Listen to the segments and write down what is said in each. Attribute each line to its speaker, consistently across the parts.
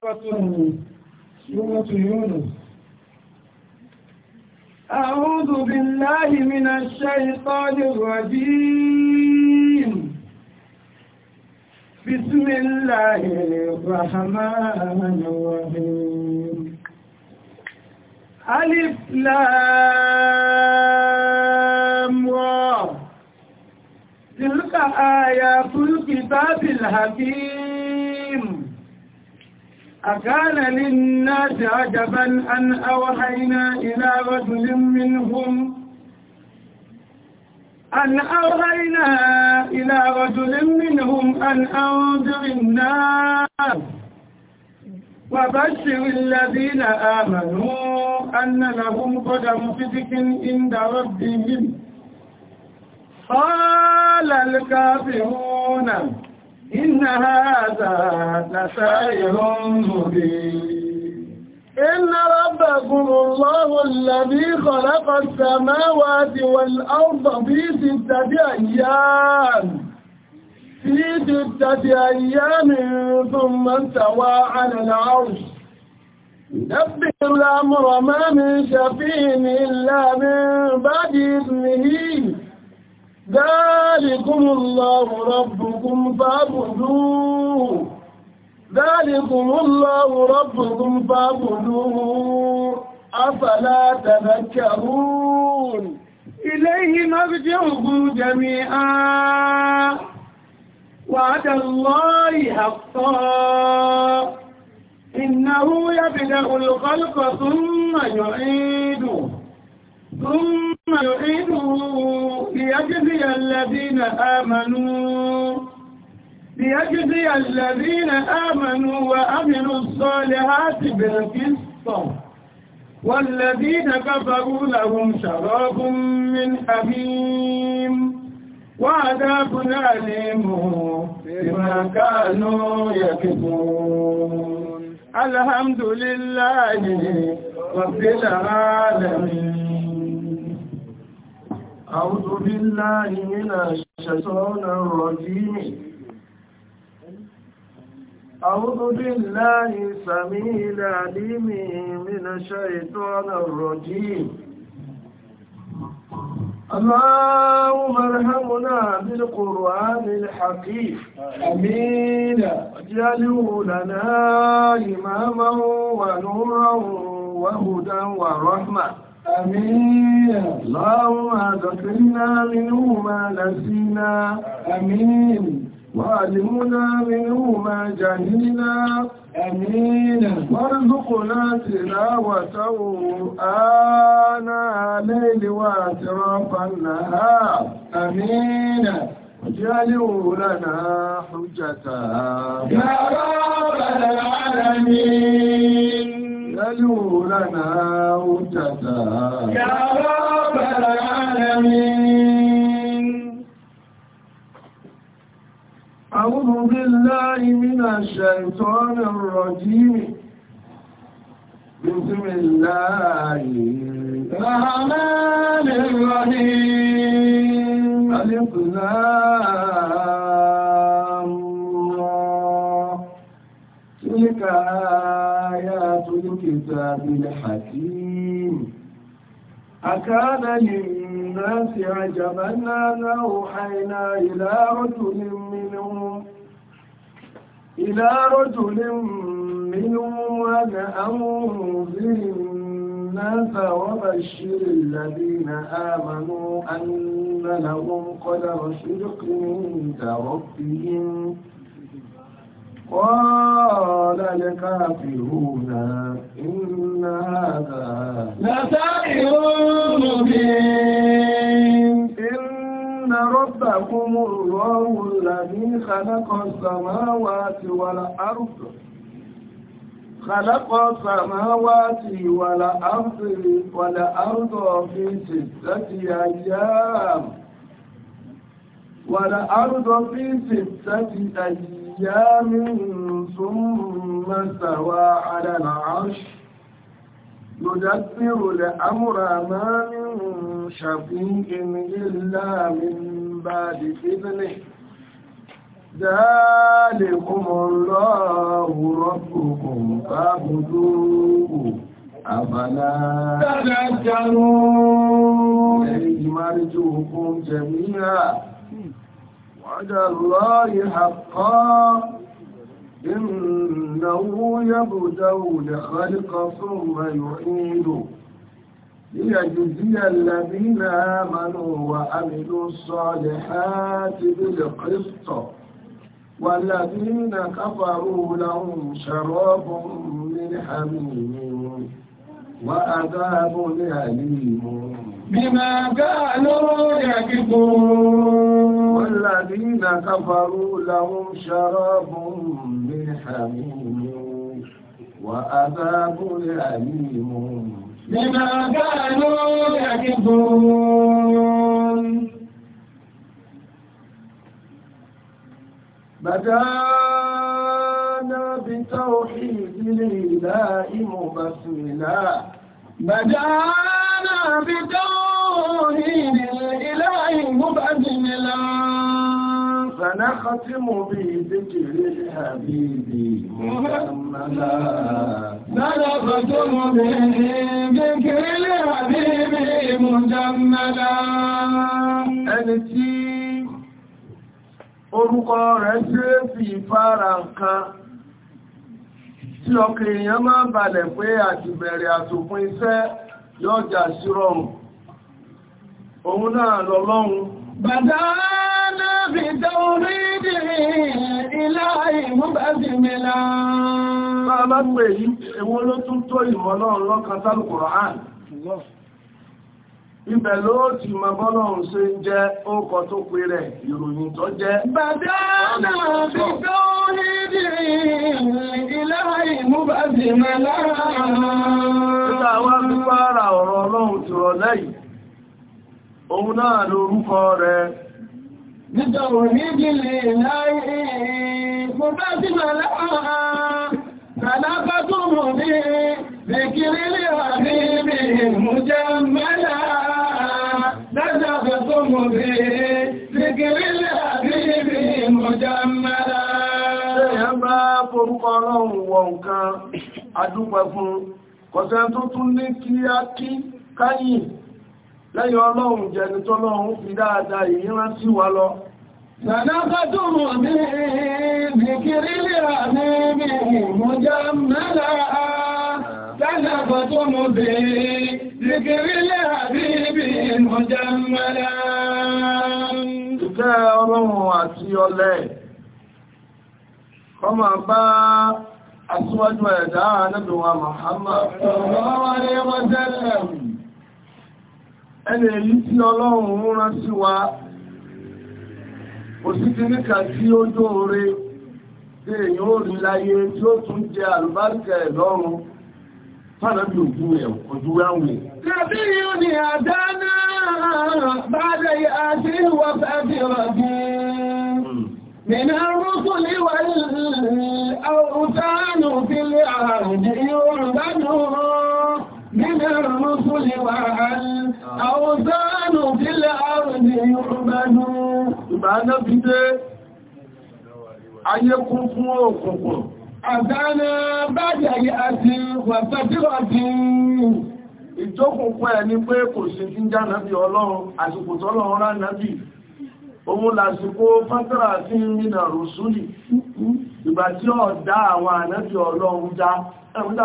Speaker 1: أعوذ بالله من الشيطان الرجيم بسم الله الرحمن الرحيم ألف لام را تلك آيات الكتاب الحكيم أكان للناس عجبا أن أوحينا إلى رجل منهم أن أوحينا إلى رجل منهم أن أنذر الناس وبشر الذين آمنوا أن لهم قدم صدق عند ربهم قال الكافرون إن هذا لسائر مبين إن ربكم الله الذي خلق السماوات والأرض في ستة أيام في ستة أيام ثم استوى على العرش يدبر الأمر ما من شفين إلا من بعد إذنه ذلكم الله ربكم فاعبدوه ذلكم الله ربكم فاعبدوه أفلا تذكرون إليه مرجعكم جميعا وعد الله حقا إنه يبدأ الخلق ثم يعيده ثم يعيده ليجزي الذين آمنوا ليجزي الذين آمنوا وأمنوا الصالحات بالقسط والذين كفروا لهم شراب من حميم
Speaker 2: وعذاب
Speaker 1: أليم بما كانوا يكفرون الحمد لله رب العالمين أعوذ بالله من الشيطان الرجيم أعوذ بالله السميع العليم من الشيطان الرجيم اللهم ارحمنا بالقرآن الحكيم أمين اجعله لنا إماما ونورا وهدى ورحمة آمين اللهم ذكرنا منه ما نسينا آمين وعلمنا منه ما جهلنا آمين وارزقنا تلاوته آناء الليل وأطراف النهار آمين واجعله لنا حجة يا رب العالمين واجعلوا لنا أوجدا يا رب العالمين أعوذ بالله من الشيطان الرجيم بسم الله الرحمن الرحيم الإقلام تلك آه الكتاب الحكيم أكان للناس عجبا أن أوحينا إلى رجل منهم إلى رجل منهم أن أنذر الناس وبشر الذين آمنوا أن لهم قدر صدق عند ربهم قال الكافرون إن هذا لساحر مبين إن ربكم الله الذي خلق السماوات والأرض خلق السماوات والأرض والأرض في ستة أيام والأرض في ستة أيام أيام ثم استوى على العرش يدبر الأمر ما من شفيع إلا من بعد إذنه ذلكم الله ربكم فاعبدوه أفلا تذكرون إليه مرجوكم جميعا على الله حقا إنه يبدو لخلق ثم يعيد ليجزي الذين آمنوا وعملوا الصالحات بالقسط والذين كفروا لهم شراب من حميم وعذاب أليم بما كانوا يكفرون الذين كفروا لهم شراب من حميم وأذاب أليم
Speaker 2: بما كانوا
Speaker 1: يكفرون بدانا بتوحيد الإله مبسلا بدانا بتوحيد الإله مبسلا سنختم بذكر الحبيب محمدا سنختم ẹni tí orúkọ rẹ̀ ṣe fi fara nǹkan tí ọkọ̀ èèyàn máa balẹ̀ pé àtìbẹ̀rẹ̀ àtòpin iṣẹ́ yọjà sí rọrùn náà أنا بدوريدي إلهي مبذملا Bàbá pè yí, èwo ló tún tó ìmọ̀ náà lọ́kàn sálù ma bọ́lọ́run ṣe ń jẹ́ ókọ tó pè rẹ̀, ìròyìn tó jẹ́. Bàbá náà fi tó ní dìrì ìlàrí múbàbì mẹ́lá. Títà wá fi pààrà ọ̀rọ̀ Ọlọ́run ti rọ̀ lẹ́yìn. Òun بتوحيد الإله قدس ملاها خلقتم بذكر لحبيبه مجملا نزقتم بذكر لحبيبه مجملا Ẹ̀yàmbá forúkọ ọlọ́run wọ nǹkan adúpẹ́ fún, kọ̀sẹ̀ tó tún ní kí á kí káyìn lẹ́yìn ọlọ́run jẹni tó lọ́run fi dáadáa ìran sí wa lọ
Speaker 2: Sàdákàtùmù ní ìbìkiri lè rà ní ibi ìmújá mẹ́lá
Speaker 1: Sàdákàtùmù bí ìbìkiri lè rà ní ibi ìmújá mẹ́lá. Ìkẹ́ ọlọ́run ẹni èyí tí ọlọ́run rán sí wa òsìkí níkà tí ó dóore tí èyí ó rí láyé tí ó tún jẹ àlùbáríkà ẹ̀ lọ́run fàdàbí ẹ̀ ojú ráwẹ̀. tàbí yóò ní àdáná bàdà àti ìwà àrùn àwọ̀dánù sílẹ̀ àrùn ní ìrùmẹ́nu ìbáná fi dé ayé fún òkùnkùn àdánà bájàyí àti ìjókùnkùn ẹ̀ ní pé kò sí tí jánà bí ọlọ́run àsìkò tọ́lọ́run rán nábì òun lásìkò fátàrà sí ìrìnà rùsùlì ìgbà tí ọ̀dá àwọn ọlọ́run já ẹ̀mùdá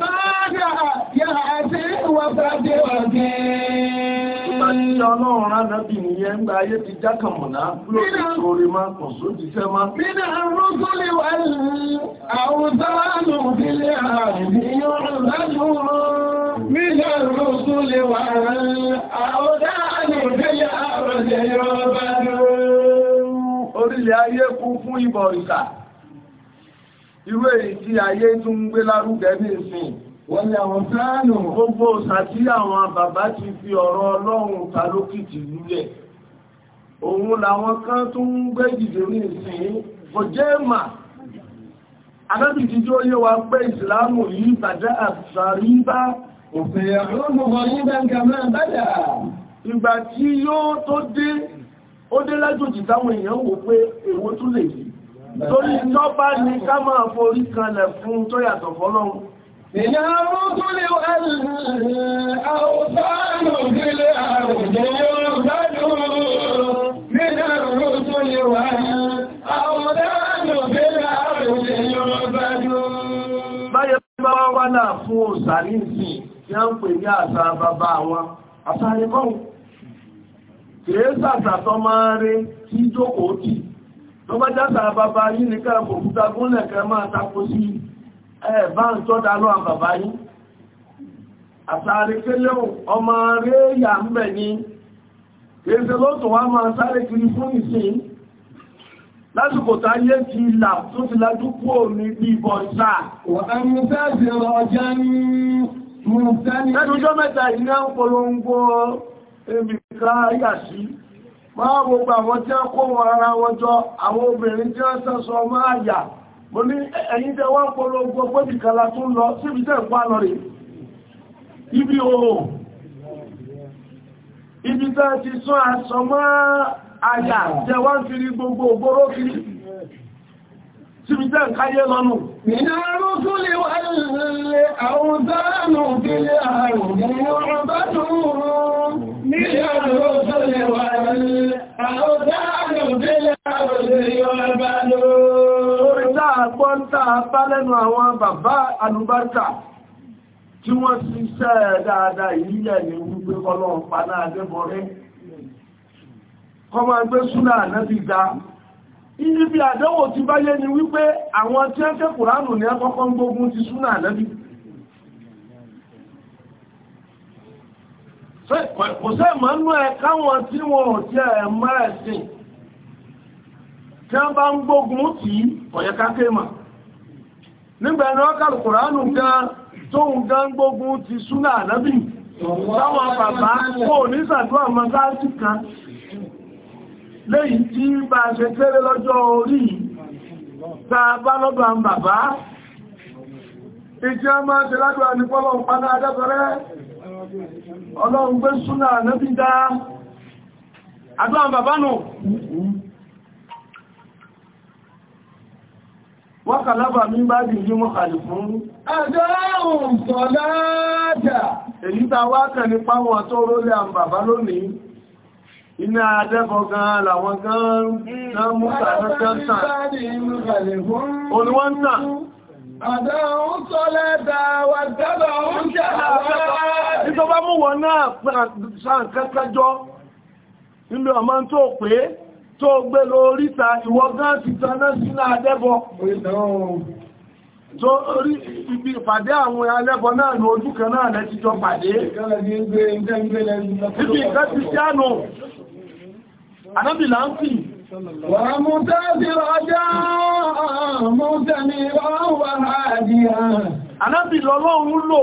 Speaker 2: Máàdà
Speaker 1: yà àti wàbàdé wàgé. Nígbà tí ọlọ́run ránàbì nìyẹn gba ayé ti jákàmùná máa kàn sójíṣẹ́ máa. Nínà wà ní àwùzánù ilé àríyàn lánàá. Nínà rúgbólé wà ní Orílẹ̀ ayé fún irú èyí tí ayé tún ń gbé lárugẹ ní ìsìn wọ́n ní àwọn fẹ́ẹ̀nù gbogbo sàtí àwọn bàbá ti fi ọ̀rọ̀ ọlọ́run ta lókìtì lulẹ̀ òun làwọn kan tún ń gbé dìde ní ìsìn kò jẹ́ mà adábìtì tí ó yé wa pé ìsìlámù yìí bàjẹ́ àṣàrí bá òfin ẹ̀rọ ní gbàǹgà máa bàjẹ́ ìgbà tí yóò tó dé ó dé lájòjì táwọn èèyàn wò pé èwo tún lè yìí torí tó bá ní ká máa forí kanlẹ̀ fún tó yàtọ̀ fọ́lọ́run Ìyàwó tó lè wà ní àwọn ọ̀sánù sílé àrùn yóò gbádùn. Nínú àrùn tó lè Báyẹ̀ bá wá wá náà fún òsà ní ìsìn tí a ń pè ní àṣà bàbá wọn, àṣà ìkọ́ Kèé sàtàtọ́ máa rí tí jókòó tìí tó bá játa bàbá yìí ní kẹ́ òkúta gúnlẹ̀ kẹ́ máa tako sí ẹ̀ bá ń tọ́ta ló àwọn bàbá yìí àtàrí kélé ọmọ rẹ̀ yà ń bẹ̀ ní èsè lọ́tọ̀ wá máa sáré kiri fún ìsìn lásìkò tá yé ti là tó ti lájú kúrò bí ìbọn sáà ẹnu jọ́ máa gbogbo àwọn tí a kó wọn ara wọn jọ àwọn obìnrin tí a máa yà mo ní ẹ̀yìn tẹ́ wọ́n gbogbo pébìkala tún lọ síbi tẹ́ ń lọ rí ibi oòrùn ibi tẹ́ ti sún àṣọ máa àyà tẹ́ wọ́n gbogbo ògbóró kiri síbi tẹ́ lọ́nù Tí wọ́n ti ṣẹ́ dáadáa ìyíyà ní wípé ọlọ́run pa náà gẹ́bọ̀rẹ́. Kọmọ ẹgbẹ́ súnà ànábì ga. Ibi bí àdánwò ti báyé ni wípé àwọn tí ẹ́ kẹ́kùránù ní ẹkọ́kọ́ gbógun ti súnà ànábì. kò sẹ́ ìmọ̀nú ẹ̀ káwọn tí wọn ò tí ẹ̀ mọ́ ẹ̀sìn tí wọ́n bá ń gbógun tì ọ̀yẹ́ káké mà nígbà ẹni ọkàlù kùránù gan ga gan gbógun ti súnà ànábì táwọn bàbá kò ní sàdúrà mọ́sáàsì kan léyìí tí bá a ṣe kéré lọ́jọ́ orí tá a bàbá ìjẹ́ máa ṣe ládùn ànípọ́lọ̀ ọlọ́run gbé súnà ànábì dá àdúrà bàbá nù wọ́n kàlábà mí bá dì yí mọ́ kàlì fún ẹgbẹ́rún sọ̀lájà èyí ta wá kẹni páwọn tó rólé àwọn bàbá lónìí iná adẹ́bọ̀ gan làwọn gan náà mú kàlọ́kẹ́ sàn olùwọ́n náà bá mú wọn náà sàn nílò ọmọ tó pé tó gbé lóríta ìwọ̀gán ti taná sínú adẹ́bọ tó rí ibi ìpàdé àwọn alẹ́bọ náà ní ojú kan náà lẹ́tijọ́ pàdé ibi ìkẹ́ ti jánù anábìlá ń fi Anábìlọ́lọ́run lò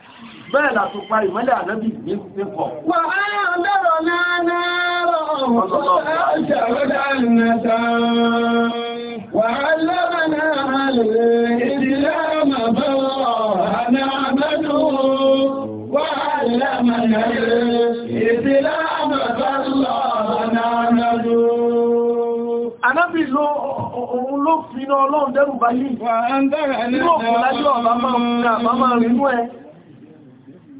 Speaker 1: bẹ́ẹ̀ là tó pa ìmọ́lẹ̀ ànábì ní pípọ̀. wà á lọ́rọ̀ náà náà وعلمنا الإسلام فوحنا عبده وعلمنا الإسلام فالله نعمده Anábì ló ló fi iná ọlọ́run dẹ́rù báyìí. Wà á lájú ọ̀bá máa ń rí mú ẹ.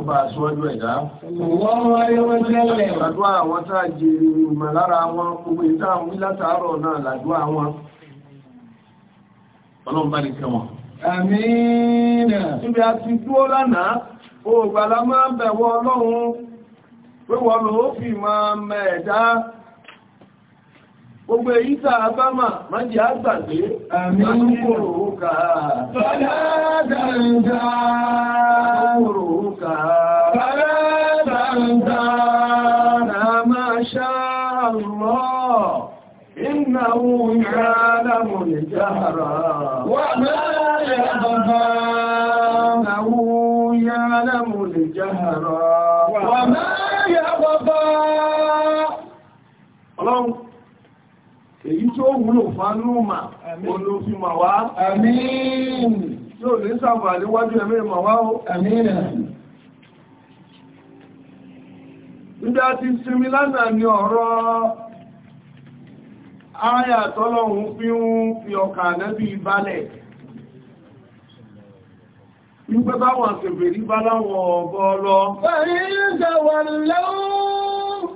Speaker 1: ọba aṣọ́jú ẹ̀dá. Wọ́n wá yọ́wọ́ jẹ́lẹ̀. Àdúrà àwọn tá a jèrè ìmọ̀ lára wọn, gbogbo ìta àwọn látàárọ̀ náà làdúrà wọn. Ọlọ́run bá ní kẹwọn. Àmín. Níbi a ti dúó Gbogbo èyí tàà bá mà máa jẹ́ àgbàgbé, àmì kòrò òkà. Fọ́lá dáńdá. Kòrò òkà. Fọ́lá dáńdá. Na máa ṣá àlọ́. Ìnáwó ìrànlámù lè Ọlọ́run èyí tó wúlò fánúmà olófimà wá àmín yóò lè sàmà níwájú ẹ̀mí ìmà wá ó àmín nígbà tí sinmi lánàá ni ọ̀rọ̀ ayà tọ́lọ́hun fi ń fi ọkà nẹ́bí balẹ̀ Nígbẹ́ báwọn àṣèbèrí bá láwọn ọ̀bọ̀ lọ.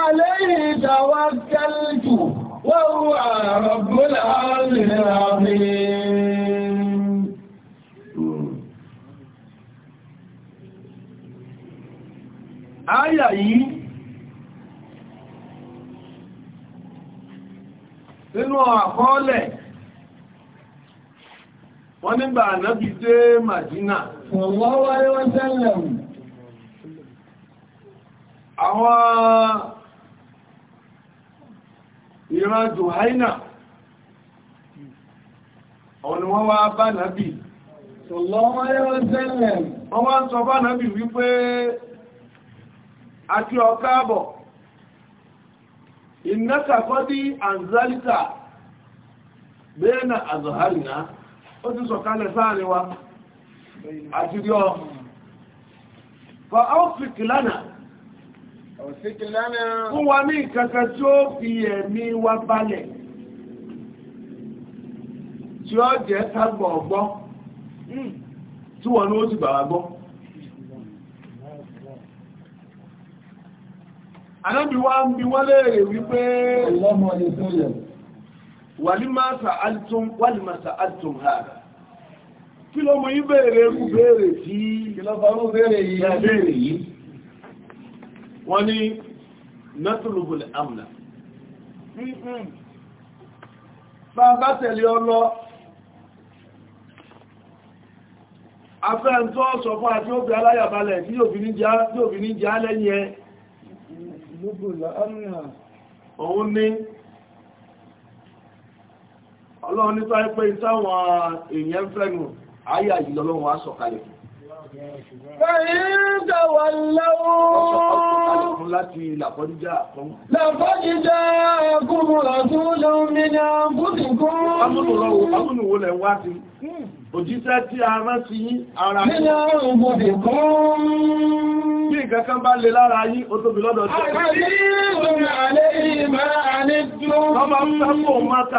Speaker 1: عليه توكلت وهو رب العرش
Speaker 2: العظيم
Speaker 1: آية yìí nínú àkọọ́lẹ̀ wọ́n nígbà ànábì dé Màdínà. Sallallahu alaihi wasallam. Àwọn ìran Juhaina ọ̀nà wọ́n wá bá nàbì wọ́n wá ń sọ bá nàbì wípé àti ọ̀káàbọ̀ ìnáka kọ́dí anzalita bẹ́ẹ̀nà àzọ̀hárìná ó ti sọ̀kalẹ̀ sáàrin wa àti rí ọ fa áwọ̀fìkì lánàá Fún wa ní ìkankan tí ó fi ẹ̀mí wa balẹ̀, tí ó jẹ́ ságbọ̀ ọgbọ́, tí wọ́n ní ó ti gbà wá gbọ́. Ànábì wa ń bi wọ́n léèrè wípé wàlímásà altun hàrà. Kí ló mú yí bèèrè kú bèèrè tí? Kí ló bèèrè yìí? wọ́n ní nọ́tùlùbùl amna bá bá tẹ̀lé ọlọ́ afẹ́ ń tọ́ sọ fún àti òbí aláyàbalẹ̀ tí yóò fi ní jẹ́ lẹ́yìn ẹ òun ní ọlọ́run nípa ẹgbẹ́ ìtàwọn èèyàn fẹ́nu ayà ìlọ́lọ́run wá sọ̀kalẹ̀ Fẹ̀yìn tẹ̀wọ̀ lọ́wọ́. Láti làkọ́díjà kan. Làkọ́díjà kúrò ọdún lómi ní àbúdìkún. Amúnù wo lẹ̀ wá sí? Òjíṣẹ́ tí a rán sí ara. Nínú àbúdìkún. Bí nǹkan kan bá lè lára yín, ó tóbi lọ́dọ̀ tí. Àkàrí ìrìn àlẹ́ ìmọ̀ àlẹ́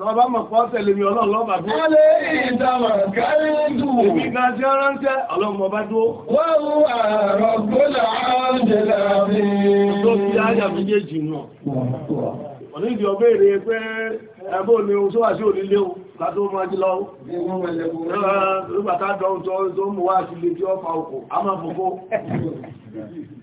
Speaker 1: Lọ́bá mọ̀ pọ́ tẹ̀lé mi ọlọ́run lọ́bà fún. Wọ́n lè ìdámà gáríńdù. Èmi náà jẹ́ ránṣẹ́ ọlọ́mọ bá dúó. Wọ́n rú ààrọ̀ gbọ́lá ààrẹ láàrin. Tó fi náà. ní ọbẹ̀ ẹbọ́ ni oṣó látó máa jí lọ́wọ́.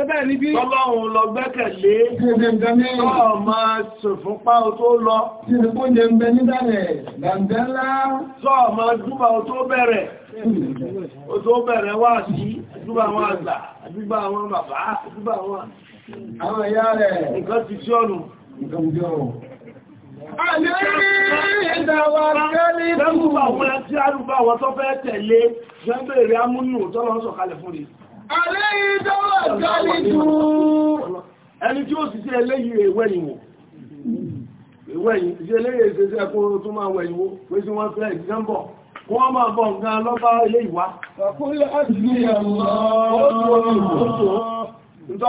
Speaker 1: Ẹbẹ́ níbi ọlọ́run lọ gbẹ́kẹ̀lé ọmọ ṣòfúnpá tó lọ. Ṣèpó jẹ ń bẹ nídàrẹ̀ gàǹgà ńlá. Sọ ọmọ dúbà tó bẹ̀rẹ̀. Ó tó bẹ̀rẹ̀ wá sí dúbà àwọn àgbà, dúbà àwọn bàbá, dúbà àwọn àwọn ìyá rẹ̀. Nǹkan ti sí ọ̀nù. Nǹkan ti sí ọ̀nù. Àlẹ́ fún. Lẹ́gbùn Àléyìn dọ́wọ́ gálíjú. Ẹni tí ó sì sí eléyìí èwẹ́ ìwò. Èwẹ́ yìí, eléyìí èsẹsẹ́ kó tó máa wẹ̀ ìwò, pé sí wọ́n fẹ́ ìdíjẹ́mbọ̀. Wọ́n máa bọ̀ nǹkan lọ́bá ilé ìwá. Ọkùnrin ẹ̀mọ́. tó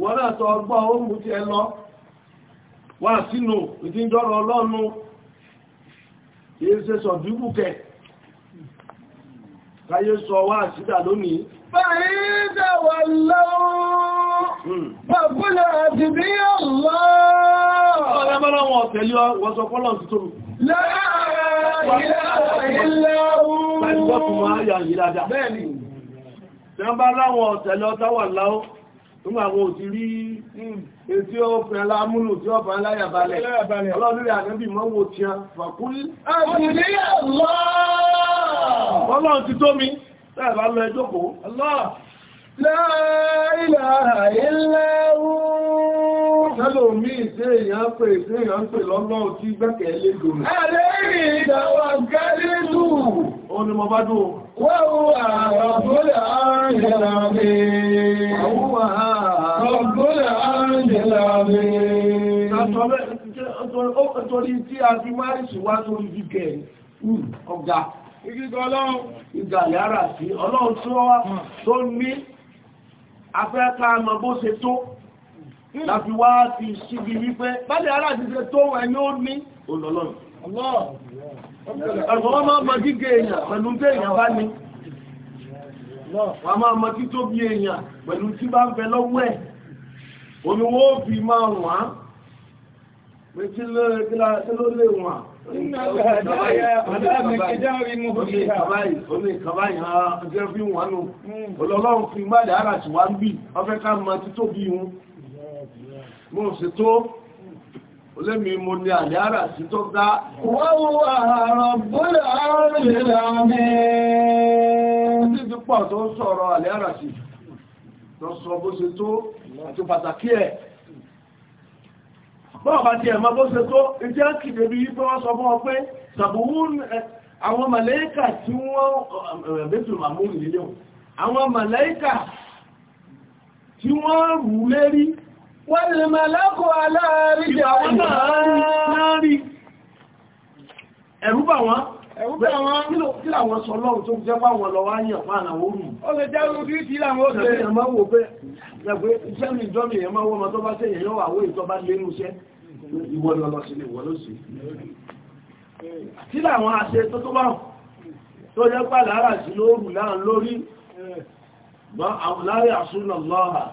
Speaker 1: wọ́n náà tọ́ ọgbọ́n ó mú ti ẹ lọ wà sínú ìdíjọ́rọ̀ ọlọ́nu kìí ṣe sọ dúkù kẹ káyé sọ wá sídà lónìí fàíjà wà lọ́wọ́ pàpúlẹ̀ hmm. àti bí ọlọ́ ọ̀rẹ́mọ́lọ́wọ́ tẹ̀lé wọ́n sọ fọ́lọ̀ tuntun láàrín ilẹ̀ tó máa wọ́n ti rí etí ọ̀pìn aláàmúlò tí ọ̀pìn aláyàbalẹ̀ ọlọ́dúnrẹ́ àgbẹ́bì mọ́ wo tí a fàkúrí ọlọ́run ti tó mi láàbá lọ ẹjọ́ kò Sẹ́lò mí ìṣẹ́ èèyàn pè ìṣẹ́ èèyàn pè lọ́lọ́ tí gbẹ́kẹ̀ẹ́ lé gòrò. Àrẹ́rìn ìdàwà gẹ́lẹ́lù ni mo bá dùn wọ́n àrọ̀gbọ́lẹ̀ àrìnlẹ̀ àrìnlẹ̀ àrìnlẹ̀ Ìgbìgbà ọlọ́run ìgbàlẹ̀ ara sí ọlọ́run tí wọ́n hmm. tó ní afẹ́ká mọ bó ṣe tó hmm. láti wá ti ṣíbi wípé bálẹ̀ ara ti ṣe tó ẹni ó ní olọ́lọ́run. Ẹ̀fọ́wọ́ máa ma gígé èèyàn pẹ̀lú tí èèyàn bá ní. Wà máa ma kí tó bí èèyàn pẹ̀lú tí bá ń fẹ́ lọ́wọ́ ẹ̀. Olúwo fi máa wà á. Pé kí ló lè wà? Ọlọ́run fi máa dára tí wá ń bì, ọ fẹ́ Olẹ́mi mo ní àyára sí tó dá. Wọ́n wà rọ̀bọ́lẹ̀ àárẹ̀lẹ̀ àmì. Ní ti pọ̀ tó sọ̀rọ̀ àyára sí, tó sọ bó ṣe tó àti pàtàkì ẹ̀. Bọ́ọ̀ bá ti ẹ̀mọ́ bó ṣe tó, ìjẹ́ kìdè bí wípé wọ́n lè máa lákọ̀ aláàrí jẹ́ àwọn náà rí ẹ̀rú bà wọ́n kí làwọn sọ lọ́rùn tó jẹ́ pàwọn lọ wáyàn fún àwọn orù ó lè jẹ́ orú tí làwọn ó tẹ̀lé ẹ̀mọ́ wò pé ẹgbẹ́ iṣẹ́ mi jọ́ mi ẹ̀mọ́ wọ́n tó bá tẹ́ èyàn wà wó ìtọ́ bá lénú iṣẹ́ ìwọ lọ lọ sí lè wọ́n lọ́sí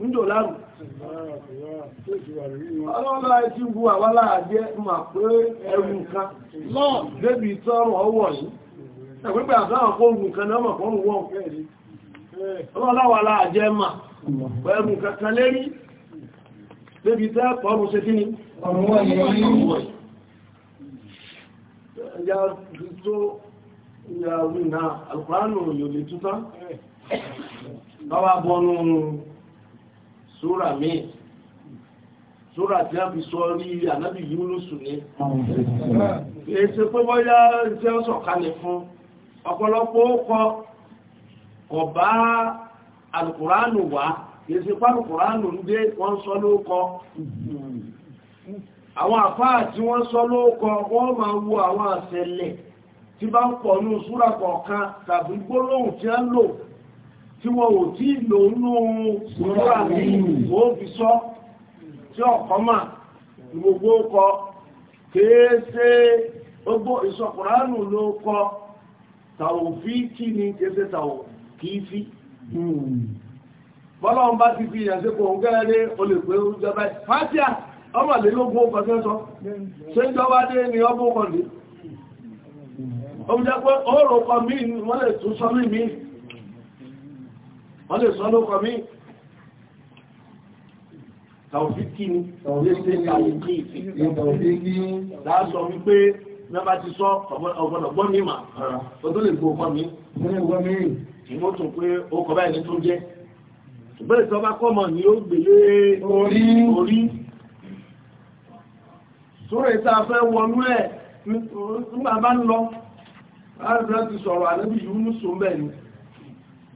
Speaker 1: ń jò láàrù ọlọ́lá ti wu àwọn aláàjẹ́ mà pé ẹrù nǹkan náà débi tọ́rọ̀ ọwọ́ yìí ẹ̀pẹ́pẹ́ àtàwọn fóònù nǹkan náà mọ̀ fóònù wọ́n kẹ́rì ọlọ́lá wà láàjẹ́ mà pẹ̀lú kankan lérí débi tẹ́ pọ̀rù ṣe kí ni ọ̀rọ̀ ìyàwó ìnà àlùkùránù yóò lè súrà míì súrà tí a fi sọ rí ànábì Yúnúsù ní èsì pé bóyá tí ó sọ̀kalẹ̀ fún ọ̀pọ̀lọpọ̀ ókọ kọ̀ bá alùkùránù wá èsì pálùkùránù ń dé wọ́n sọ lóókọ àwọn àfáà tí wọ́n sọ lóókọ wọ́n máa wo àwọn àṣẹlẹ̀ tí bá ń pọ̀ ní súrà kọ̀ọ̀kan tàbí gbólóhùn tí a ń lò tí wọ́n ò tí lò ní ìwò fi sọ tí ọ̀kọ́ mà gbogbo kọ kéèsé gbogbo ìsọkùránù ló kọ tàòfíìkì ní kéèsé tàòkìífì bọ́lọ́n bá ti fi ìyànṣẹ́ kò ń gẹ́rẹ́ ní wọ́n lè sọ lókọ mí tàòfíkì ní tàòfíkì láàsọ wípé mẹ́bà ti sọ ọ̀gbọ̀nọ̀gbọ́ mímà tó tó lè gbọ́ ọkọ̀ mi ìmọ́ tó pé ó kọ báyìí tó jẹ́ ìbẹ̀rẹ̀ tó bá kọ́mọ̀ ni ó gbèlé orí sórí ìta fẹ́ wọnú ẹ̀ nígbà bá ń lọ láàrín ti sọ̀rọ̀ àlẹ́bí yìí ń sùn bẹ́ẹ̀ ni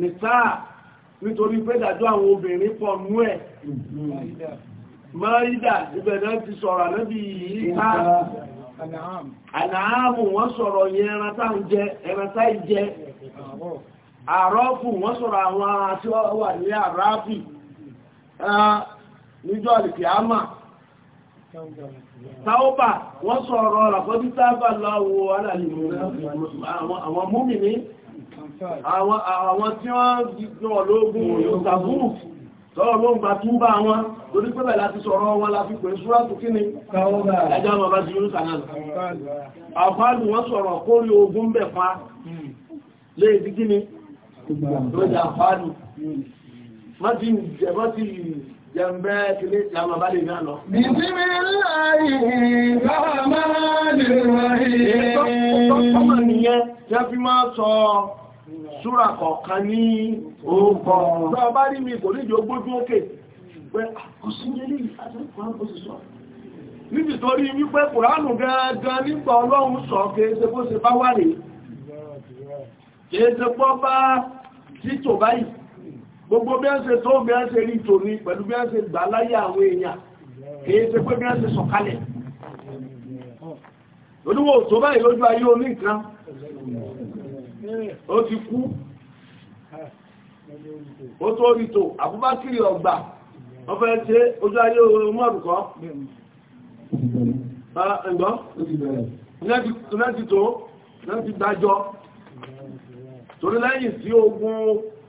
Speaker 1: nìta nítorí pé dájọ́ àwọn obìnrin pọ̀ mú ẹ̀ máyídà ti sọ̀rọ̀ ànábì ha àlàáàmù wọ́n sọ̀rọ̀ yẹn ẹran tá jẹ wọ́n sọ̀rọ̀ àwọn àti ní Tàóbà wọ́n sọ ọ̀rọ̀ ràkọ́dí tábà láwọ àwọn múmìnì, àwọn tí wọ́n gbọ́ ológun ìtàbù tọ́rọ ló ń gba tún bá wọn lórí pẹ́bẹ̀ láti sọ̀rọ̀ wọn láti pẹ̀lú ṣúrátù kí ni ẹjá wọn bá ti yóò sànàlù. àfáàlù wọ́n sọ̀rọ̀ kórí ogun bẹ̀ fa lè di kí ni lórí àfáàlù jẹ́mbẹ́ tilé tí a máa bá lè náà lọ. Bismillahirrahmanirrahim súra kọ̀ọ̀kan ní orúkọ tó bá rí mi kò níjò gbójú òkè pé àkọsílẹ̀ níbi torí wípé kùránù gẹ́gẹ́ nígbà ọlọ́run sọ kéèsè bó ṣe bá wà rí kéèsè pọ́ bá títò báyìí gbogbo bí ẹ́n ṣe tó bí ẹ́n ṣe rí tòní pẹ̀lú bí ẹ́n ṣe gbà láyé àwọn èèyàn kìí ṣe pé bí ẹ́n ṣe sọ̀kalẹ̀ oníwò tó báyìí lójú ayé oní nǹkan ó ti kú ó tó rí tò àbúbákiri ọgbà wọ́n fẹ́ ṣe ojú ayé mọ́rùkọ́ ẹ̀gbọ́n láti tó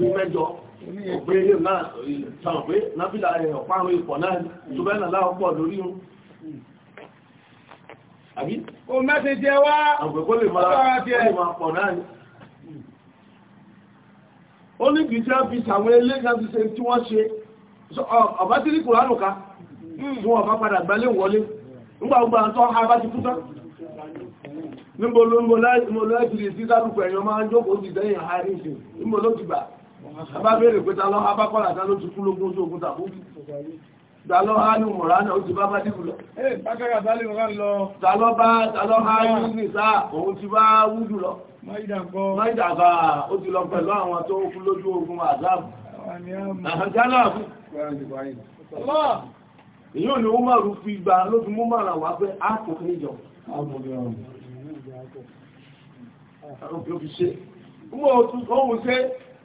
Speaker 1: ní mẹ́jọ òpin ilé náà sàn pé nábìlà ọ̀pá àwọn ipò náà tó bẹ́ẹ̀ náà láwọ́ lórí un àbí o mẹ́sẹ̀ jẹ wá àgbẹ̀kọ́ lè máa pọ̀ náà ni ó ní kìí tí a fi sàwọn ilé kan ti ṣe tí wọ́n ṣe ọ̀bá tí ní kùránù ká hmm. padà wọlé nígbàgbà tó ha bá ti kú tán níbo ló ń bọ́ sí sálùkù ẹ̀yàn máa ń jókòó ti dẹ́yìn níbo ló ti gbà abá béèrè pé talọ́ abákọ́lá ta ló ti kú lógún sí ogun tàbí talọ́ hánú mọ̀ránà ó ti bá bá dìbò lọ. talọ́ bá talọ́ hánú nìta òun ti bá wúdù lọ. máìdàgbà ó ti lọ pẹ̀lú àwọn tó kú lójú ogun àzáàbù. àjálàbù. èyí ò ní ó máa rú fi gbà ló fi mú màrà wá pé á kò ní ìjọ. ó fi ṣe. ó mọ̀ ọ́ tún ó ń ṣe.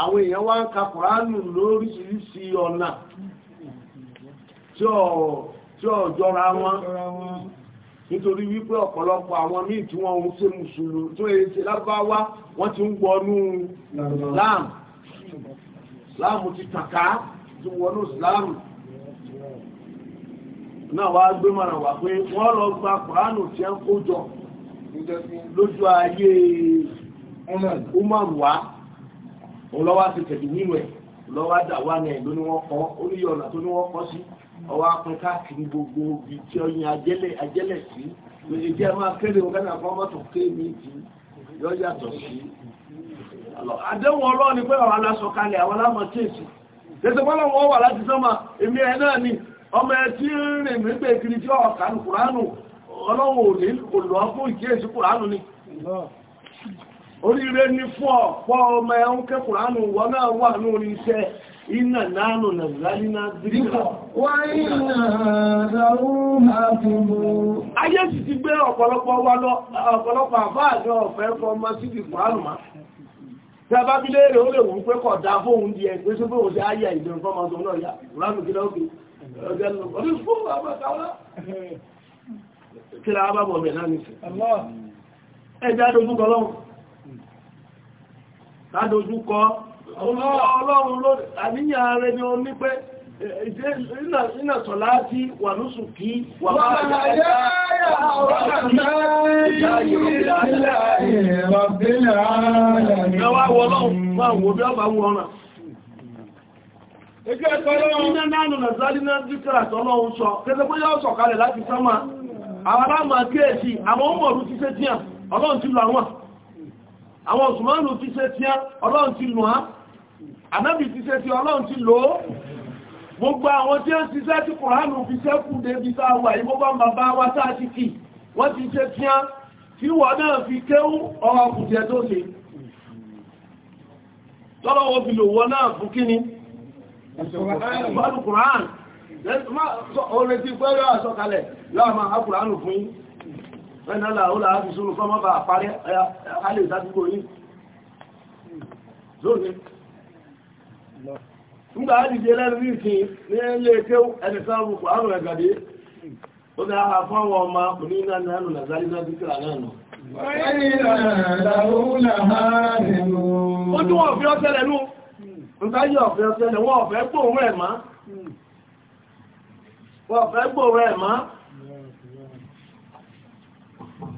Speaker 1: àwọn èèyàn wá ń ka kùránù lóríṣiríṣi ọ̀nà tí ó jọra wọn nítorí wípé ọ̀pọ̀lọpọ̀ àwọn míì tí wọ́n ń ṣe mùsùlùmí tó èyí ṣe lábáwá wọ́n ti ń wọnú láàmù láàmù ti tàkà ti wọnú ìsìláàmù náà wá gbé mara wà pé wọ́n lọ gba kùránù tí ó ń kó jọ lójú ayé umaru wa. òun wa ti tẹ̀lé nínú ẹ̀ wa dà wà náà ló ní wọ́n kọ́ ó ní ọ̀nà tó ní wọ́n kọ́ sí ọwọ́ apin káàkiri gbogbo ibi tí ọyìn ajẹ́lẹ̀ ajẹ́lẹ̀ sí ìdí ẹ̀ máa kéde òun kẹ́nà fún ọmọ tó ké mi yọ yàtọ̀ sí. àdéhùn ọlọ́run ni pé àwọn aláṣọ kalẹ̀ àwọn alámọ̀ kéèsì wà láti sọ́mà èmi ẹ̀ náà ni ọmọ ẹ tí ń rìn oríire ní fún ọ̀pọ̀ ọmọ ẹ̀hún kẹkùránù wọ́n náà wà ní orí iṣẹ́ iná nánú nàìjíríà dìríkà wọ́n iná na àfihù ayé sì ti gbé ọ̀pọ̀lọpọ̀ àbá àjọ ọ̀fẹ́ fọmọ sí di náà yá kùránù kí lọ́gbẹ̀ fún ládojúkọ ọlọ́run ló àníyàn rẹ̀ ni ó ní pé iná sọ̀lá tí wà lóṣù kí wà máa Iná nánú nà sọ, kẹta láti sánmà, àwọn aláàmà àwọn ọmọ ti ọlọ́run ti lọ àwọn. àwọn Usmanu ti ṣe tí ọlọ́run ti lò á anábì ti ṣe tí ọlọ́run ti lò ó gbogbo àwọn tí ó ń ṣiṣẹ́ tí kùránù fi ṣẹ́kù débi sáwà ìgbogbo bàbá wa sáà ti kì wọ́n ti ṣe tí á tí wọ́n náà fi kéwú ọwọ́ kùtẹ́ tó ṣe tọ́lọ́ wọ́n fi lò wọ́n náà fún kíni bọ́ọ̀lù kùránù ó retí pẹ́rẹ́ àṣọkalẹ̀ ẹ̀nà làúlà á fi súnú kọ́ mọ́bà àparí alẹ́ ìsádúgbò yìí zóòní nígbà àdìdì ẹlẹ́rìí ìsìn ní ilé ẹkẹ́ ẹnìkan rúkù àrùn ẹ̀gàdé ó dá a fún àwọn ọmọ òní náà náà nù nàzárí náà wọ́n ọ̀fẹ́ gbòòrò ẹ̀ má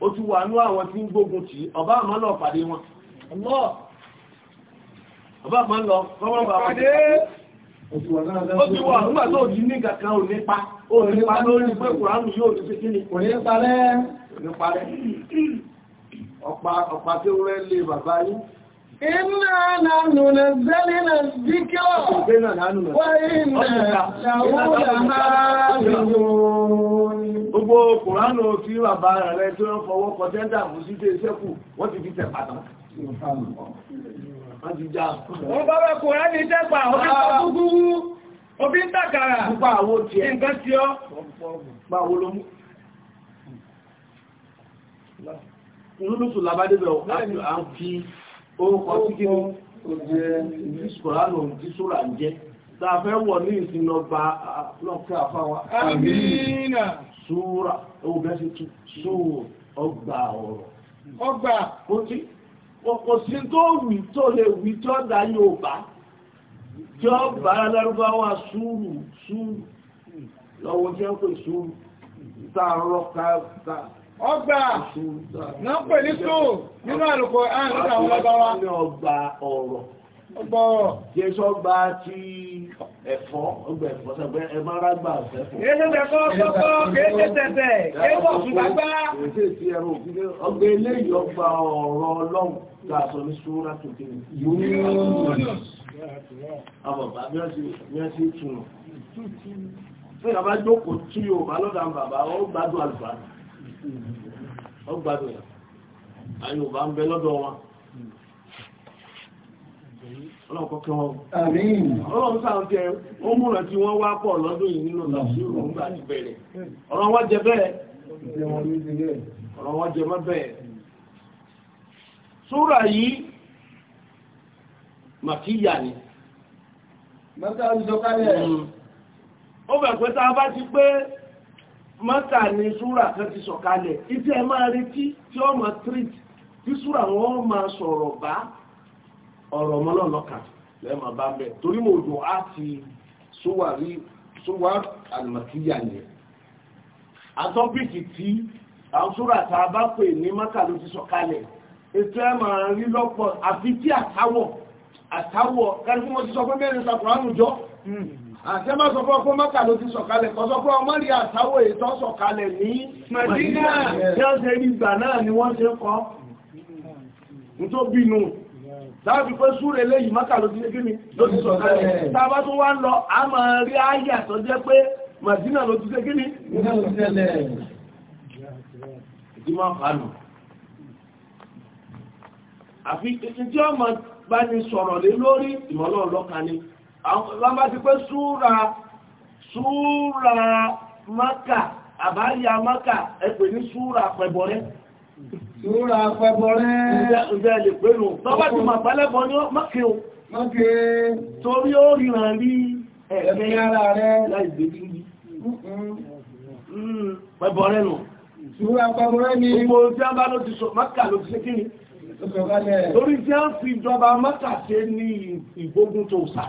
Speaker 1: ó ti wà ní àwọn tí ń gbógun tì ọba àmọ́ lọ pàdé wọn ọba àmọ́ lọ fọ́wọ́n bá wọn ó ti wà nígbà tó jí ní kankan ò nípa ó nípa lórí pé kùránù yóò ti fi kíni kò ní parẹ́ ọ̀pá tí ó rẹ́ lé bàbá yìí Inna nanu nazzalina ị na Gbogbo Kùránù tí bàbá rẹ̀ tí wọ́n fọwọ́ kọ tẹ́ndà fún sí tẹ́ sẹ́kù wọ́n ti fi tẹ̀ pàtàkì. Wọ́n ti já. Wọ́n bá orúkọ tí kí ni ó jẹ́ ìdíṣùkọ̀ránù ìdíṣùrà ń jẹ́ tàfẹ́ wọ̀ ní ìsinlọba lọ́kẹ́ àfáwà àmìnà ṣúra ọgbẹ́sí ṣúwò ọgbà ọ̀rọ̀ ọgbà kò sí kò sí tó wì tó lè wì tó dá yóò bá tí ó bá lárúbáwà ṣúrù ṣúrù lọ́wọ́ jẹ́ pé ṣúrù tààrọ́ ká ọgbà náà pè ní tó nínú àlùkò àárín àwọn ọlọ́gbà wa ọgbà ọ̀rọ̀ ọgbà ọ̀rọ̀ jésù ọgbà ti ẹ̀fọ́ ọgbà ẹ̀fọ́ sẹ́gbẹ́ ẹ̀márágbà ẹ̀fọ́ kéèkéèkéèkó ọgbà kéèkéèkéèkéè kéèkó ọ̀sùnlágbà ọgbà eléyìí ọgbà ọ̀rọ̀ ọlọ́run láàṣọ ní ṣúra tuntun Ọ gbádùn ẹ̀ àyè ò bá ń bẹ lọ́dọ̀ wọn ọlọ́run kọ́kẹ́ wọn wọ́n wá pọ̀ lọ́dún yìí nínú nàìjíríà ń gbà ọ̀rọ̀ ni Maka ni súrà kan ti sọ̀kalẹ̀ ibi ẹ máa retí tí ó máa treat tí súrà wọn máa sọ̀rọ̀ bá ọ̀rọ̀ mọ́lọ́lọ́kà lẹ́mọ̀ bá bẹ̀ torí mo dùn á ti súwà àlùmọ̀kíyà yẹn àtọ́pìkì tí àwọn súrà tá a bá pè ní mọ́kà ló ti sọ̀kalẹ̀ ètò ẹ máa rí lọ́pọ̀ àfi tí àtàwọ̀ àtàwọ̀ kẹ́rin fún mo ti sọ pé mẹ́rin sàkùrọ̀ àmùjọ́ hmm àti ẹmọ́ sọ fún ọkún mọ́kà ló ti sọ̀kalẹ̀ kọ́sọ́ fún ọmọ rí àtàwò ètò sọ̀kalẹ̀ ní Mẹ̀dínà tí ó ṣe rí ìgbà náà ni wọ́n ṣe kọ́ ní tó bínú láti pé súrè léyìí mọ́kà ló ti ṣe kíni ló ti sọ̀kalẹ̀ tàbá tó wá ń lọ a máa rí àyà tó jẹ́ pé Mẹ̀dínà ló ti ṣe kíni ìdímọ̀ kánù àfi ìtìtì ọmọ bá ní sọ̀rọ̀ lé lórí ìmọ̀lọ́ ọlọ́kaní àwọn bá ti pé súra súra maka àbáyà maka ẹgbẹ̀ ní súra pẹ̀bọ̀rẹ́ súra pẹ̀bọ̀rẹ́ ìjẹ́ lè pé nù tọ́bá ti mà pẹ́lẹ́bọ̀ ní mọ́kẹ́ o mọ́kẹ́ torí ó ríran rí ẹ̀ẹ̀kẹ́ ara rẹ̀ láì hmm, pẹ̀bọ̀rẹ́ nù súra pẹ̀bọ̀rẹ́ ni gbogbo tí a maka ló ni torí tí a ń fi ìjọba maka ṣe ní ìgbógun tó sáà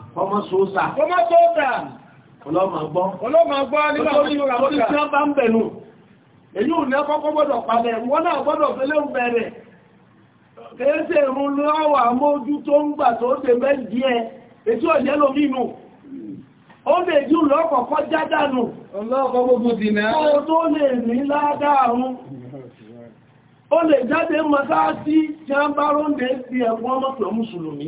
Speaker 1: ọmọ sóòsà ọmọ sóòsà ọlọ́mà gbọ́ ọlọ́mà gbọ́ nígbà tó yóò rà mọ́ta orí tí wọ́n bá ń bẹ̀nu èyí ò ní ọkọ́kọ́ gbọ́dọ̀ palẹ̀ wọ́n náà gbọ́dọ̀ fẹ́lẹ́ ń bẹ̀rẹ̀ kéèsè ìrún láwà mójú tó ń gbà tó ṣe bẹ́ díẹ̀ ètí ọ̀jẹ́ lómi nù ó lè jú lọ́kọ̀ọ́kọ́ jádànù ọlọ́ọ̀kọ́ gbogbo dìnà ó tó lè ní ládàrún ó lè jáde mọ́sáàtì tí a bá róńdé sí ẹ̀kọ́ ọmọ pẹ̀lú mùsùlùmí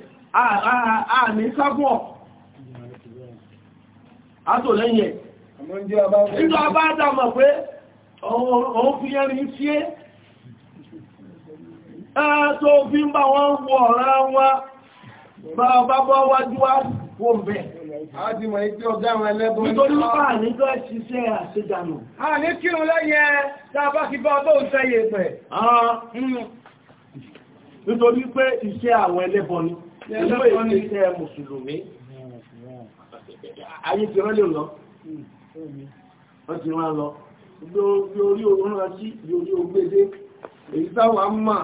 Speaker 1: àmì sábọ̀ àtò lẹ́yìn ẹ̀ nínú ọba dámọ̀ pé òun fi yẹn rí sí ẹ́ tó fi ń bá wọn wọ ọ̀rá wọn bá ọba bọ́ wájú wá wọ́n bẹ̀ Àdìmọ̀ ìgbé ọ̀gá àwọn ẹlẹ́bọn. Nítorí wà nígbà ṣiṣẹ́ àṣedànù. A ní kírun lẹ́yẹ dábá kí bá ọdọ́ òṣẹ́yẹ pẹ̀. Ah, hmm. Nítorí pé iṣẹ́ àwọn ẹlẹ́bọn ni ìlú èdè iṣẹ́ mùsùlùmí ayé èyí táwà mà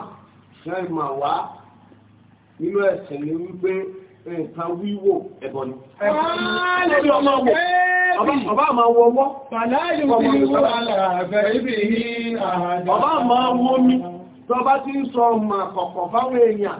Speaker 1: ṣáà mà wá nínú ẹ̀sẹ̀ ní wípé nǹkan wíwò ẹbọ ni ọba àmà wọwọ́ ọba àmà wọ́mí tọba tí ń sọ ọmọ àkọ̀kọ̀ fáwọn èèyàn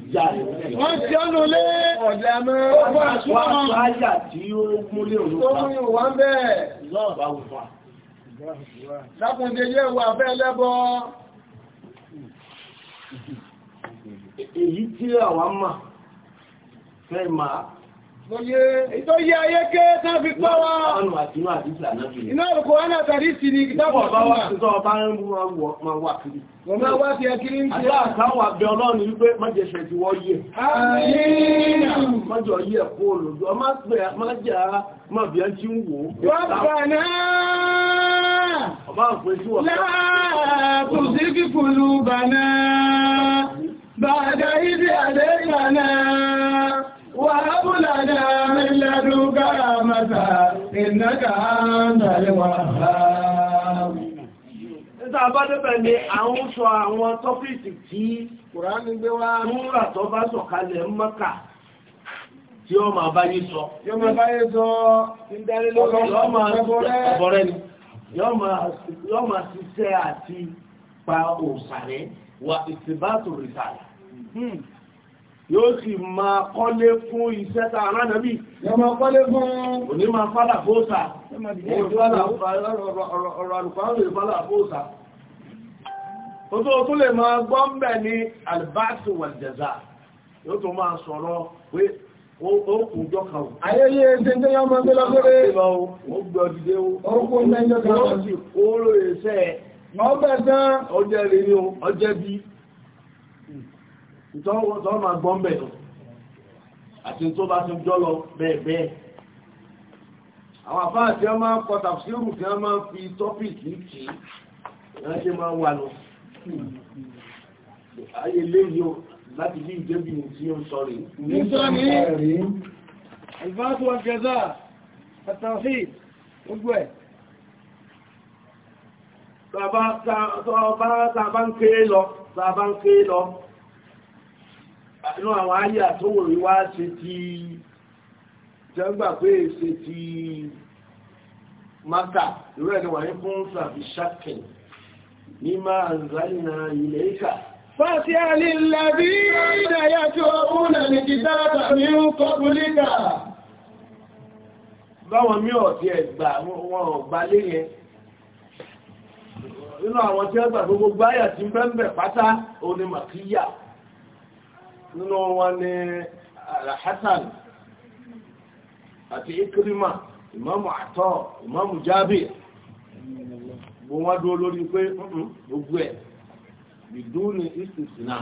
Speaker 1: Wọ́n ti ọ́nà lé ọ̀dà mọ́ ọgbọ́n àṣúwọ́n. Wọ́n tó áyà tí ó múlé òun. Tó mú ìwà ń bẹ́ẹ̀. Lọ́ọ̀bá wù fà. Lákùnjẹ yẹ́ wà fẹ́ lẹ́bọ. Èyí tí àwa mà fẹ́ máa. Ìtọ́ yẹ ayé ké tán fi pọ́ wá. Ọ̀nà àti inú àdísì ànábì. Iná òkú ọ̀nà àtàdísì ni ìtàkùn ọ̀bá wà. Ìtọ́ ọba ń wà kiri. Wọ́n máa wá fi ẹkiri ń ṣe. Àtàkàwà bẹ ọlọ́run wípé májẹ̀ṣẹ̀ ti wọ́ yẹ. Májọ̀ yẹ kó olùdó, ọmọ pẹ̀ májẹ̀ máa bí ń wò. Wọ́n bà náà. Ọba títà bá débẹ̀ ni àwọn sọ àwọn tọ́pìtì tí kùránì gbé wá múra tó bá sọ̀kalẹ̀ mọ́kà tí ó máa sọ yóò máa sọ yóò máa ṣiṣẹ́ àti pa òsàrẹ́ ìsìbátò hmm. yóò sì máa kọ́lé fún iṣẹ́ ta yóò máa kọ́lé fún máa fádà tó tó tó lè máa gbọ́ ń bẹ̀ ní albáàtì wal jaza yóò tó máa sọ̀rọ̀ pé ó kùn jọ kan ayẹyẹ ṣe ní ọmọ ẹgbẹ́ lọ́gbẹ́rẹ́ ó gbọ́ dìde ó kún ní ẹjọ́ kan ó sì kóró iṣẹ́ ọbẹ̀ tán ọjẹ́ rí ni ọjẹ́ bí ìtọ́wọ́ máa gbọ́ ń bẹ̀ lọ àti tó bá ti jọ lọ bẹ́ẹ̀ bẹ́ẹ̀ àwọn àfáà tí wọ́n máa ń kọ tàbí sírù tí wọ́n máa ń fi tọ́pìkì kì í ránṣẹ́ máa ń wà lọ ayé léyò láti bí ìjẹ́bì tí ó sọ̀rọ̀ nítorí alfáàtù àjẹ́zà àtàfí ogbò ẹ̀ tàbá ń kéré lọ tàbá ń kéré lọ inú àwọn ayé àtọwò rí wá ṣe ti jẹ́gbà pé ṣe ti mátà ìrẹ́ni wà ní fún sàbíṣàkẹ̀ẹ́ لما أنزلنا a فاتع للذين يتوبون الكتاب من قبلك báwọn mí ọ̀tí ẹgbà wọn ọ̀gbà léyẹ nínú àwọn ti ó gbà gbogbo gbáyà tí bẹ́m̀bẹ̀ pátá oní màkíyà nínú wọn ni alhassan àti ikrima imamu àtọ́ imamu bó wọ́n dúró lórí pé gbogbo ni ìdúnni ìsìsìnà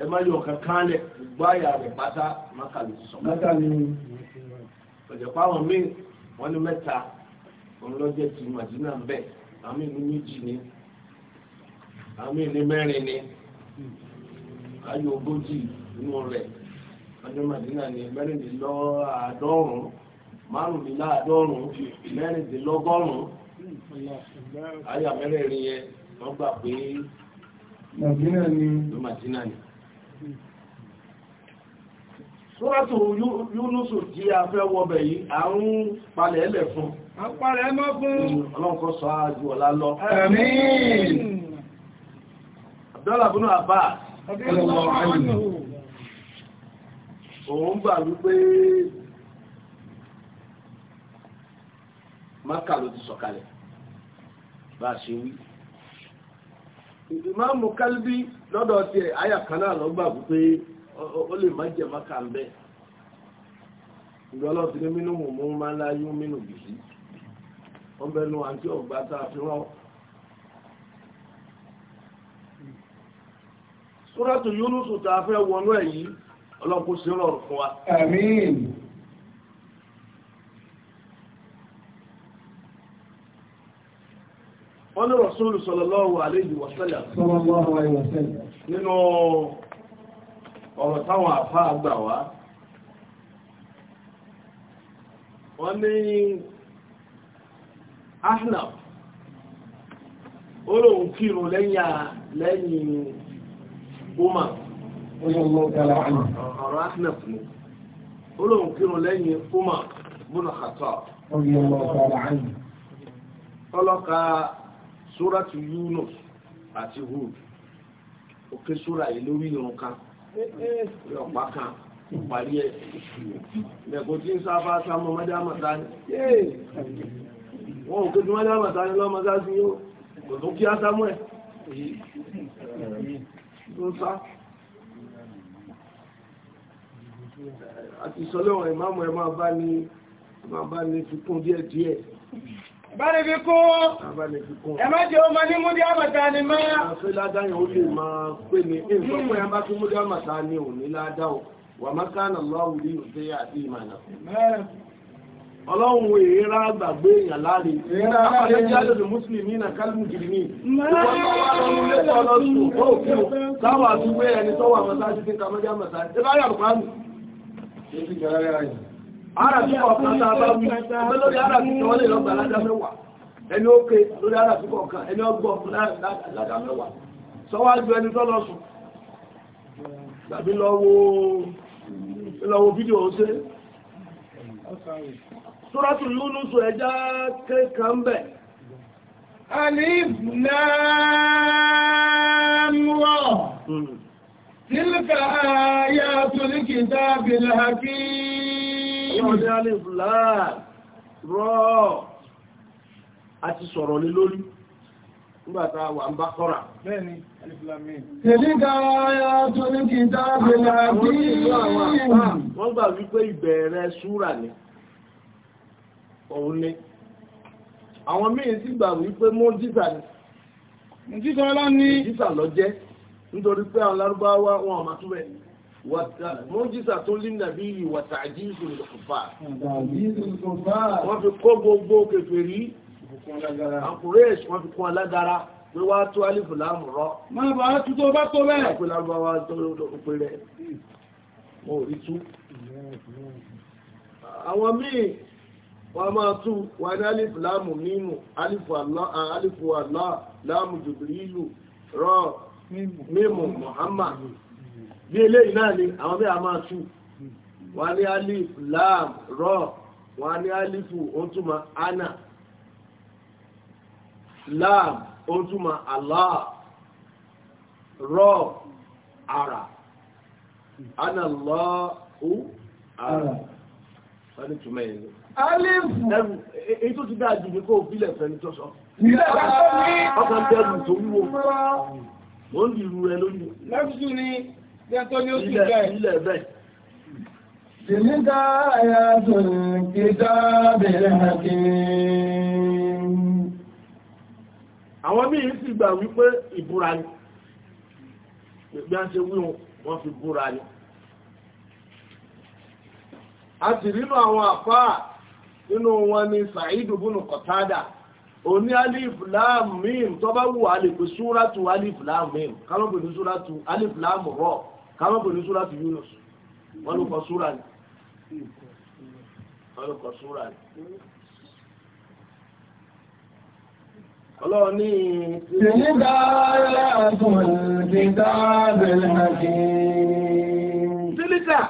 Speaker 1: ẹ má yọ kankan lẹ̀ gbogbo àyà rẹ̀ pátá mákàlì sọ. mákàlì ọ̀jọ̀pá àwọn ní ti màdínà ń bẹ̀ àmì ní méjì ni àmì ní ni ayò ogójì màdínà ni àyà mẹ́rẹ̀ẹ̀rin yẹn wọ́n gbà pé Màdínà ni. Màdínà ni. Súrátù Yúnúsù tí a fẹ́ wọ́bẹ̀ yìí, à ń palẹ̀ ẹlẹ̀ fún. A palẹ̀ fún. Ọlọ́nkọ́ sọ ájú ọ̀lá lọ. Àmín. Abdọ́là búnú àbá. Òun gbà wípé Mákà ló ti sọ̀kalẹ̀. bá ṣe wí ìmáàmù kálíbí lọ́dọ̀ tí àyà kan náà lọ́gbà pé ó lè má jẹ mọ́kà ń bẹ́ ìgbọ́lọ́ ti ní mínú mú máa láyú mínú bìí wọ́n àti ọ̀gbá tá a fi rán ní Rasulu sallallahu alayhi wa sallam ọ̀rọ̀ táwọn àfá àgbà wá wọ́n ní Ahnaf olóhun kírun lẹ́yìn Umar ọ̀rọ̀ Ahnaf ni olóhun kírun lẹ́yìn Umar bun ọlọ́ka suratu Yunus àti Hud òkè sóra yìí lórí ìrun kan ọ̀pá kan parí ẹ̀ lẹ́kọ̀ọ́ tí ń sáfà sámọ́ mọ́dámọ́ta ni wọ́n òkè tí mọ́dámọ́ta ni lọ́mọdá sí yóò kò tó kí á sámọ́ ẹ̀
Speaker 2: tó ń sá àti ìsọlẹ́wọ̀n
Speaker 1: ìmáàmù ẹ̀ máa bá ní fikún díẹ̀díẹ̀ Báni fi kún ẹ má jẹ́ ọmọ ní múdí àmàta ni máa. Àfẹ́ ládáyàn ó lè máa pè ní ìfọ́pẹ́ ẹmbá tí múdí àmàta ni ò ní ládáwọ̀. Wà má kánà lọ́wọ́ rí òṣèré àti ìmànà. Ọlọ́run èèrà gbàgbé èèyàn láre. Èèrà láre. Àwọn Mùsùlùmí náà kálùmù jìrì ní. Ìwọ́n ara Àràbíkọ̀ kan tàà bá wí, lórí àràbíkọ̀ wọ́n lè lọ gbà ládá Ẹni ó ké lórí àràbíkọ̀ kan, ẹni ọgbọ̀n ládá mẹ́wàá. Sọ́wájú ẹni tọ́lọ sùn. Tàbí lọ wo fídíò ó ṣe. ẹjá bẹ̀. Hmm. Tilka ayatul kitabil hakim. ọdí alif láàá rọ́ àti sọ̀rọ̀ lé lórí nígbàtà wà ń bá kọ́ra tẹ̀lígà ayá tó ní kí dáàbì láàbí wọ́n gbà wípé ìbẹ̀rẹ̀ súrà ní àwọn míì sì gbà wípé mọ́jísà ní mọ́jísà lọ ní mọ́jísà lọ jẹ́ nítorí pé àwọn lárúbáwá wọn àmàtúwẹ̀ ní mọ́jísà tó lé nàbí ìwà tàjíìsù ìkùfà wọ́n fi kó gbogbo kèfèrí àkùrẹ́ẹ̀ṣì wọ́n fi kún aládára pé wá tó alìfù láàmùrọ́ máa bá tú tó bá tó bẹ́ẹ̀ pé lárúbáwá tó pé rẹ̀ mọ́ orí tú àwọn míì wọ́n máa tú wà ní alìfù láàmù mímù alìfù àlá láàmù jùbìlì rọ́ mímù Muhammad bí eléyìí náà ni àwọn bí a máa tú wọ́n ní alif lam rọ wọ́n ní alifu ó túmọ̀ ana lam ó túmọ̀ allah rọ ara ana lọ́ọ́ ara wọ́n ní túmọ̀ yìí Alẹ́mù. Èyí tó ti dáa jù ní kó bílẹ̀ fẹ́ ní tọ́sọ. Ọkàn tẹ́lù tó wúwo. Mo ń dìrú rẹ lójú. Lẹ́fùsù ni. Ilẹ̀ bẹ́ẹ̀. Tìmítà ayàtò
Speaker 2: kìtà bẹ̀rẹ̀ àti.
Speaker 1: Àwọn míì sì gbà wípé ìbúra ni. Bí a ṣe wíhun, wọ́n fi búra ni. A sì nínú àwọn àfáà nínú wọn ni Sàídù búnù Kọ̀tádà. Òní Alif Lam Mim tó bá wù Alif Súrátù Alif Lam Mim, kálọ́bù ní Súrátù Alif Lam Rọ̀ káwọn pè ní súra ti Yunus wọ́n ló kọ súra ni wọ́n ló kọ súra ni. Ọlọ́run ní ìgbà ẹ̀kùn ìgbà bẹ̀rẹ̀ àti sílíkà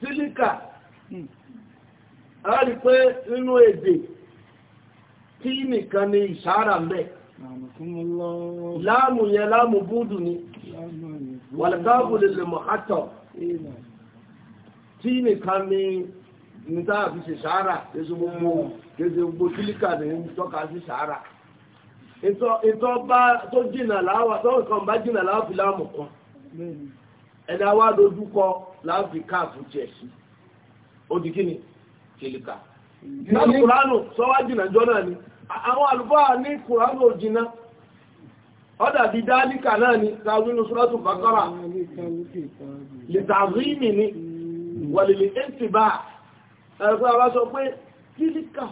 Speaker 1: sílíkà a rí pé nínú èdè tí nìkan ni ìṣàrà mẹ́ láàmù yẹn láàmù búdù ni wàlẹ̀káàbù lè lè mọ̀hátọ̀ tí nìkan ni níta àfi ṣe sàárà kéṣe gbogbo kéṣe gbogbo kílíkà ní tọ́ka sí sàárà ìtọ́ bá tó jìnà láwà tó nǹkan bá jìnà láwà fi láàmù kan ẹ̀dá wa dojúkọ láàfi káàfù jẹ̀ sí ó di kílíkà. Ìlú Kùránù sọ jìnà jọ ni àwọn àlùfáà ní Kùránù ò jìnà ọ́dà bí dálíkà náà ni tàbínú sọ́tù bàkọ́rà lè tàbínì ni wàlèlè ẹ̀sì bá ẹ̀kọ́ àwọn sọ pé kílíkà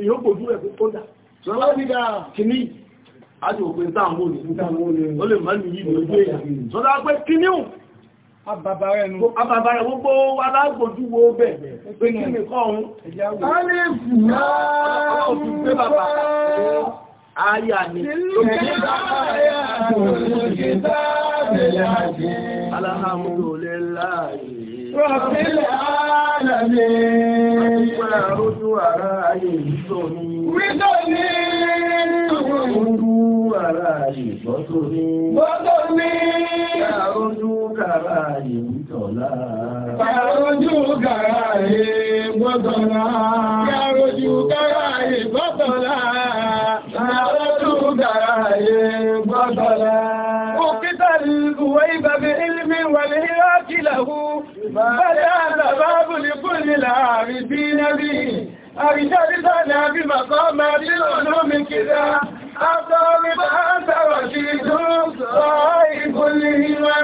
Speaker 1: èyàn kò dúrẹ̀ pé ó dà sọ́dá kìíní àti òpin táàmùn ó lè máa nìyí ní ojú èyà sọ́dá pé kíníhùn Àbàbàrẹ̀ gbogbo alágbòjú wo bẹ̀ pé kí nìkan ọ̀hún. A lè fùrá ọ̀tún pé bàbá. Aya ni. Alhamdulillahi. Rọ̀bílẹ̀ ààrẹ̀. Wọ́n rojú ara ayé ìtòní. Wítòní. Rojú ara ayé ìtòní. Bọ́tòní. Kàrójú kàrà ayé ìtọ̀lá. Kàrójú kàrà ayé gbọ́dọ̀lá. بلا وقت الكويب بعلم والهراك له بدا سباب لكل العارفين به
Speaker 2: أرشدتنا بمقامات
Speaker 1: العلوم كذا أطالب أنت رشيد صاحب كلهما